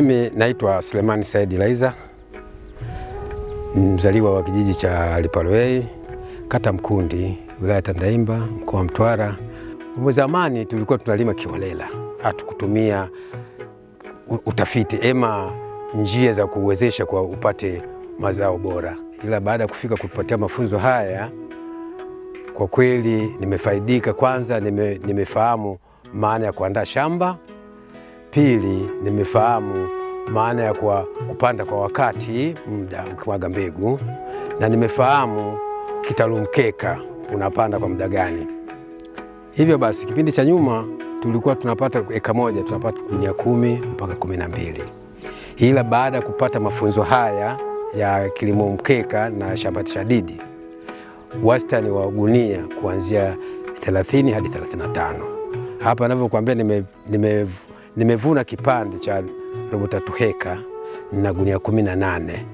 Mimi naitwa sulemani Saidi Laiza, mzaliwa wa kijiji cha Lipalwei, kata Mkundi, wilaya Tandaimba, mkoa wa Mtwara. Zamani tulikuwa tunalima kiholela, hatukutumia utafiti ema njia za kuwezesha kwa upate mazao bora, ila baada ya kufika kupatia mafunzo haya, kwa kweli nimefaidika. Kwanza nime, nimefahamu maana ya kuandaa shamba Pili, nimefahamu maana ya kwa kupanda kwa wakati muda ukimwaga mbegu, na nimefahamu kitalu mkeka unapanda kwa muda gani. Hivyo basi kipindi cha nyuma tulikuwa tunapata eka moja tunapata gunia kumi mpaka kumi na mbili, ila baada ya kupata mafunzo haya ya kilimo mkeka na shamba shadidi, wastani wa gunia kuanzia 30 hadi 35. Hapa ninavyokuambia nime, nime nimevuna kipande cha robo tatu heka na gunia kumi na nane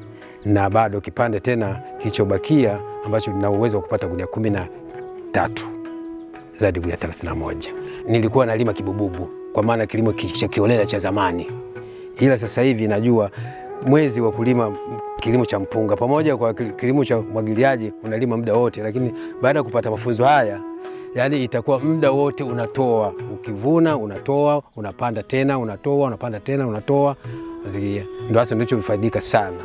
na bado kipande tena kilichobakia ambacho nina uwezo wa kupata gunia kumi na tatu zaidi gunia 31. Nilikuwa nalima kibububu kwa maana kilimo cha kiolela cha zamani, ila sasa hivi najua mwezi wa kulima kilimo cha mpunga pamoja kwa kilimo cha mwagiliaji unalima muda wote, lakini baada ya kupata mafunzo haya yani itakuwa muda wote unatoa, ukivuna unatoa, unapanda tena unatoa, unapanda tena unatoa. Ndio hasa ndichofaidika sana.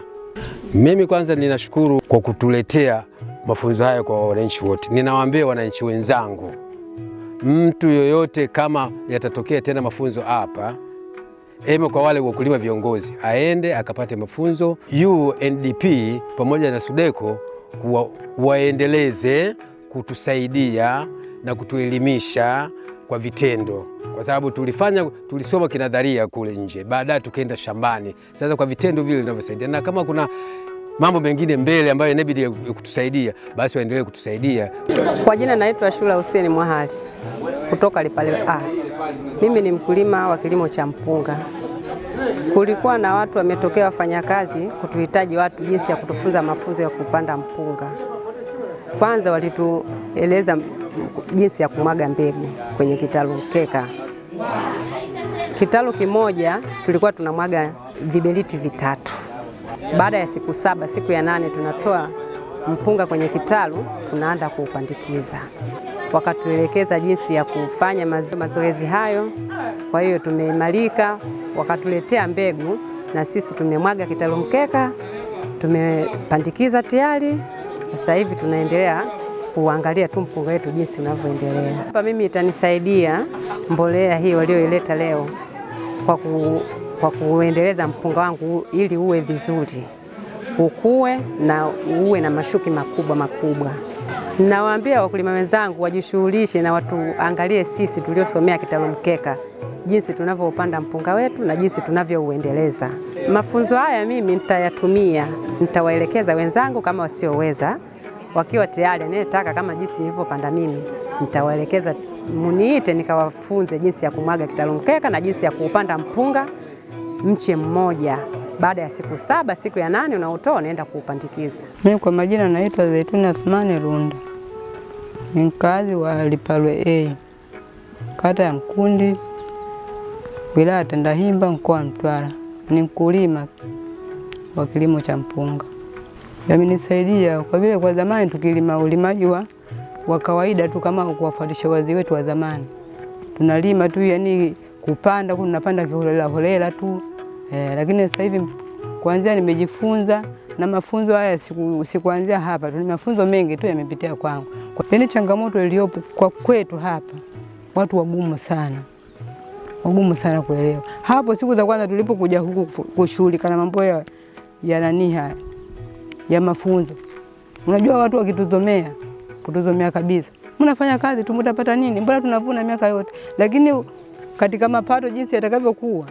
Mimi kwanza ninashukuru kwa kutuletea mafunzo haya kwa wananchi wote. Ninawaambia wananchi wenzangu, mtu yoyote kama yatatokea tena mafunzo hapa ema kwa wale wakulima viongozi aende akapate mafunzo UNDP pamoja na SUDEKO kuwa waendeleze kutusaidia na kutuelimisha kwa vitendo, kwa sababu tulifanya tulisoma kinadharia kule nje, baadaye tukaenda shambani. Sasa kwa vitendo vile vinavyosaidia, na kama kuna mambo mengine mbele ambayo inabidi kutusaidia, basi waendelee kutusaidia. Kwa jina naitwa Shura Hussein Mwahali kutoka Lipale. Ah, mimi ni mkulima wa kilimo cha mpunga. Kulikuwa na watu wametokea wafanyakazi kutuhitaji watu jinsi ya kutufunza mafunzo ya kupanda mpunga. Kwanza walitueleza jinsi ya kumwaga mbegu kwenye kitalu keka. Kitalu kimoja tulikuwa tunamwaga vibeliti vitatu. Baada ya siku saba, siku ya nane tunatoa mpunga kwenye kitalu, tunaanza kuupandikiza. Wakatuelekeza jinsi ya kufanya mazoezi hayo, kwa hiyo tumeimarika. Wakatuletea mbegu na sisi tumemwaga kitalu mkeka, tumepandikiza tayari. Sasa hivi tunaendelea kuangalia tu mpunga wetu jinsi unavyoendelea. Hapa mimi itanisaidia mbolea hii walioileta leo kwa, ku, kwa kuendeleza mpunga wangu ili uwe vizuri ukue na uwe na mashuki makubwa makubwa. Nawaambia wakulima wenzangu wajishughulishe na watuangalie sisi tuliosomea kitalu Mkeka jinsi tunavyopanda mpunga wetu na jinsi tunavyouendeleza. Mafunzo haya mimi nitayatumia, nitawaelekeza wenzangu kama wasioweza wakiwa tayari, anayetaka kama jinsi nilivyopanda mimi, nitawaelekeza muniite, nikawafunze jinsi ya kumwaga kitalu mkeka na jinsi ya kuupanda mpunga mche mmoja baada ya siku saba, siku ya nane unaotoa unaenda kuupandikiza. Mimi kwa majina naitwa Zaituni athmani Runda, ni mkazi wa Lipalwe A, kata ya Mkundi, wilaya ya Tandahimba, mkoa wa Mtwara. Ni mkulima wa kilimo cha mpunga yamenisaidia kwa vile kwa zamani tukilima ulimaji wa kawaida tu kama kuwafuatisha wazee wetu wa zamani, tunalima tu yani kupanda ku napanda kiholela holela tu eh, lakini sasa hivi kwanza nimejifunza na mafunzo haya sikuanzia hapa tu, mafunzo mengi tu yamepitia kwangu. Yaani changamoto iliyopo kwa kwetu hapa, watu wagumu sana, wagumu sana kuelewa. Hapo siku za kwanza tulipokuja huku kushughulika na mambo ya nani haya ya mafunzo. Unajua watu wakituzomea, kutuzomea kabisa, mnafanya kazi tu mtapata nini? Mbona tunavuna miaka yote? Lakini katika mapato jinsi yatakavyokuwa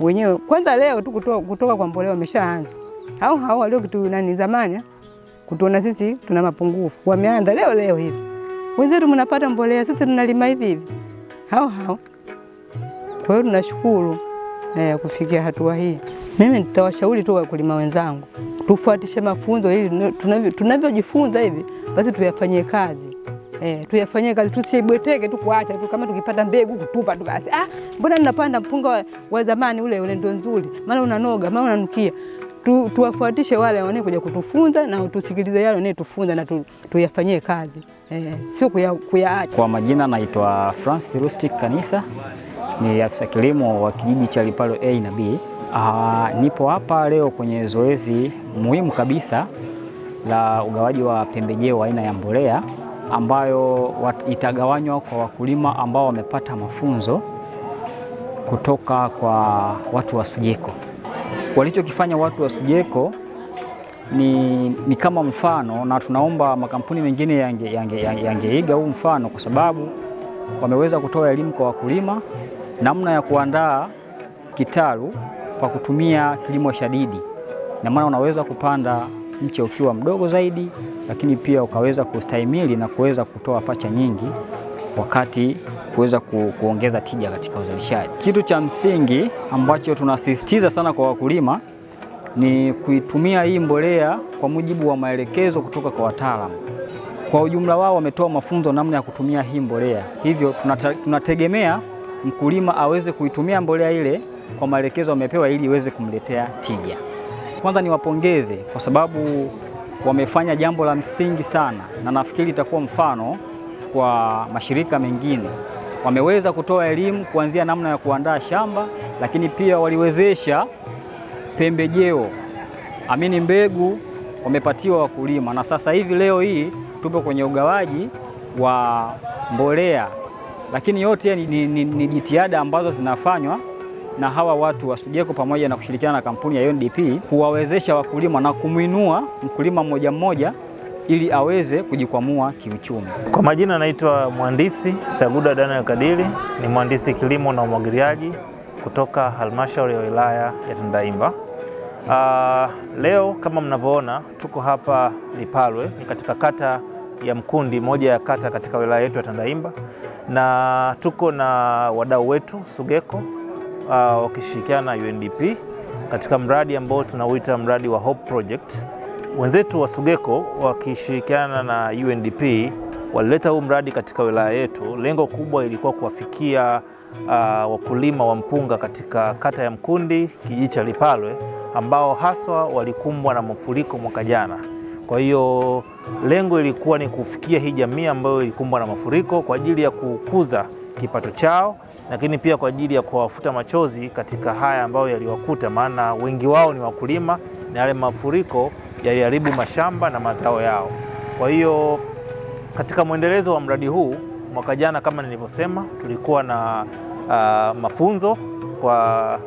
wenyewe, kwanza leo tu kutoka, kutoka kwa mbolea wameshaanza au hao walio kitu nani zamani kutuona sisi tuna mapungufu, wameanza leo leo hivi. Wenzetu mnapata mbolea, sisi tunalima hivi hivi hao hao. Kwa hiyo tunashukuru eh, kufikia hatua hii. Mimi nitawashauri tu wakulima wenzangu tufuatishe mafunzo ili tunavyojifunza hivi basi tuyafanyie kazi. Eh, tuyafanyie kazi tusibweteke tu kuacha tu kama tukipata mbegu kutupa tu basi. Ah, mbona ninapanda mpunga wa zamani ule ule ndio nzuri. Maana unanoga, maana unanukia. Tu, tuwafuatishe wale kuja kutufunza na tusikilize yale tufunza na tu, tuyafanyie kazi. Eh, sio kuyaacha. Kuya kwa majina naitwa Francis Rustic Kanisa ni afisa kilimo wa kijiji cha Lipalo A na B. Aa, ah, nipo hapa leo kwenye zoezi muhimu kabisa la ugawaji wa pembejeo aina ya mbolea ambayo itagawanywa kwa wakulima ambao wamepata mafunzo kutoka kwa watu wa Sujeko. Walichokifanya watu wa Sujeko ni, ni kama mfano na tunaomba makampuni mengine yangeiga yange, yange, yange huu mfano kwa sababu wameweza kutoa elimu kwa wakulima namna ya kuandaa kitalu kwa kutumia kilimo shadidi, na maana unaweza kupanda mche ukiwa mdogo zaidi, lakini pia ukaweza kustahimili na kuweza kutoa pacha nyingi wakati kuweza ku, kuongeza tija katika uzalishaji. Kitu cha msingi ambacho tunasisitiza sana kwa wakulima ni kuitumia hii mbolea kwa mujibu wa maelekezo kutoka kwa wataalamu. Kwa ujumla wao wametoa mafunzo namna ya kutumia hii mbolea, hivyo tunategemea mkulima aweze kuitumia mbolea ile kwa maelekezo amepewa ili iweze kumletea tija. Kwanza niwapongeze kwa sababu wamefanya jambo la msingi sana, na nafikiri itakuwa mfano kwa mashirika mengine. Wameweza kutoa elimu kuanzia namna ya kuandaa shamba, lakini pia waliwezesha pembejeo amini mbegu wamepatiwa wakulima, na sasa hivi leo hii tupo kwenye ugawaji wa mbolea lakini yote ni, ni, ni, ni jitihada ambazo zinafanywa na hawa watu wa SUGECO pamoja na kushirikiana na kampuni ya UNDP kuwawezesha wakulima na kumwinua mkulima mmoja mmoja ili aweze kujikwamua kiuchumi. Kwa majina naitwa Mhandisi Saguda Daniel Kadili, ni mhandisi kilimo na umwagiliaji kutoka Halmashauri ya Wilaya ya Tandahimba. Uh, leo kama mnavyoona tuko hapa Lipalwe, ni katika kata ya Mkundi, moja ya kata katika wilaya yetu ya Tandaimba, na tuko na wadau wetu Sugeko ah, wakishirikiana na UNDP katika mradi ambao tunauita mradi wa Hope Project. Wenzetu wa Sugeko wakishirikiana na UNDP walileta huu mradi katika wilaya yetu. Lengo kubwa ilikuwa kuwafikia uh, wakulima wa mpunga katika kata ya Mkundi, kijiji cha Lipalwe ambao haswa walikumbwa na mafuriko mwaka jana. Kwa hiyo lengo ilikuwa ni kufikia hii jamii ambayo ilikumbwa na mafuriko kwa ajili ya kukuza kipato chao, lakini pia kwa ajili ya kuwafuta machozi katika haya ambayo yaliwakuta, maana wengi wao ni wakulima na yale mafuriko yaliharibu mashamba na mazao yao. Kwa hiyo katika mwendelezo wa mradi huu, mwaka jana kama nilivyosema, tulikuwa na uh, mafunzo kwa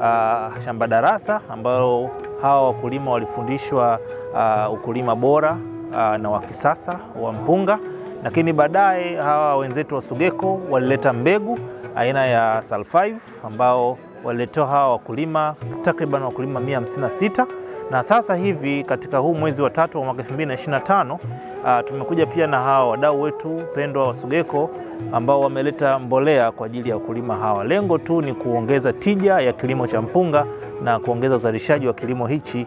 uh, shamba darasa ambayo hawa wakulima walifundishwa uh, ukulima bora uh, na wa kisasa wa mpunga, lakini baadaye hawa wenzetu wa Sugeko walileta mbegu aina ya Sal5 ambao waliletewa hawa wakulima takriban wakulima 156 na sasa hivi katika huu mwezi wa tatu wa mwaka 2025 uh, ah, tumekuja pia na hawa wadau wetu pendwa wa Sugeko ambao wameleta mbolea kwa ajili ya wakulima hawa. Lengo tu ni kuongeza tija ya kilimo cha mpunga na kuongeza uzalishaji wa kilimo hichi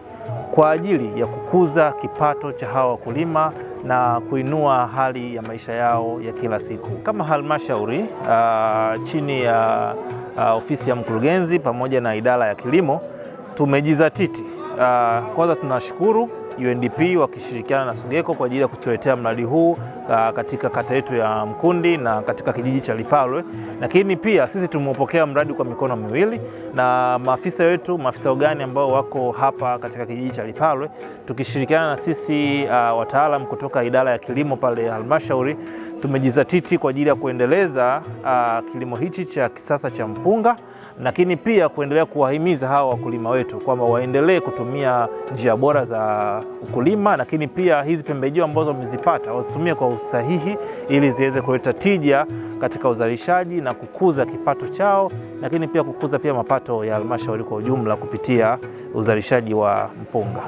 kwa ajili ya kukuza kipato cha hawa wakulima na kuinua hali ya maisha yao ya kila siku. Kama halmashauri uh, chini ya uh, ofisi ya mkurugenzi pamoja na idara ya kilimo tumejizatiti Uh, kwanza tunashukuru UNDP wakishirikiana na SUGECO kwa ajili ya kutuletea mradi huu uh, katika kata yetu ya Mkundi na katika kijiji cha Lipalwe, lakini pia sisi tumeupokea mradi kwa mikono miwili na maafisa wetu, maafisa ugani ambao wako hapa katika kijiji cha Lipalwe tukishirikiana na sisi uh, wataalam kutoka idara ya kilimo pale halmashauri, tumejizatiti kwa ajili ya kuendeleza uh, kilimo hichi cha kisasa cha mpunga lakini pia kuendelea kuwahimiza hawa wakulima wetu kwamba waendelee kutumia njia bora za ukulima, lakini pia hizi pembejeo ambazo wamezipata wazitumie kwa usahihi ili ziweze kuleta tija katika uzalishaji na kukuza kipato chao, lakini pia kukuza pia mapato ya halmashauri kwa ujumla kupitia uzalishaji wa mpunga.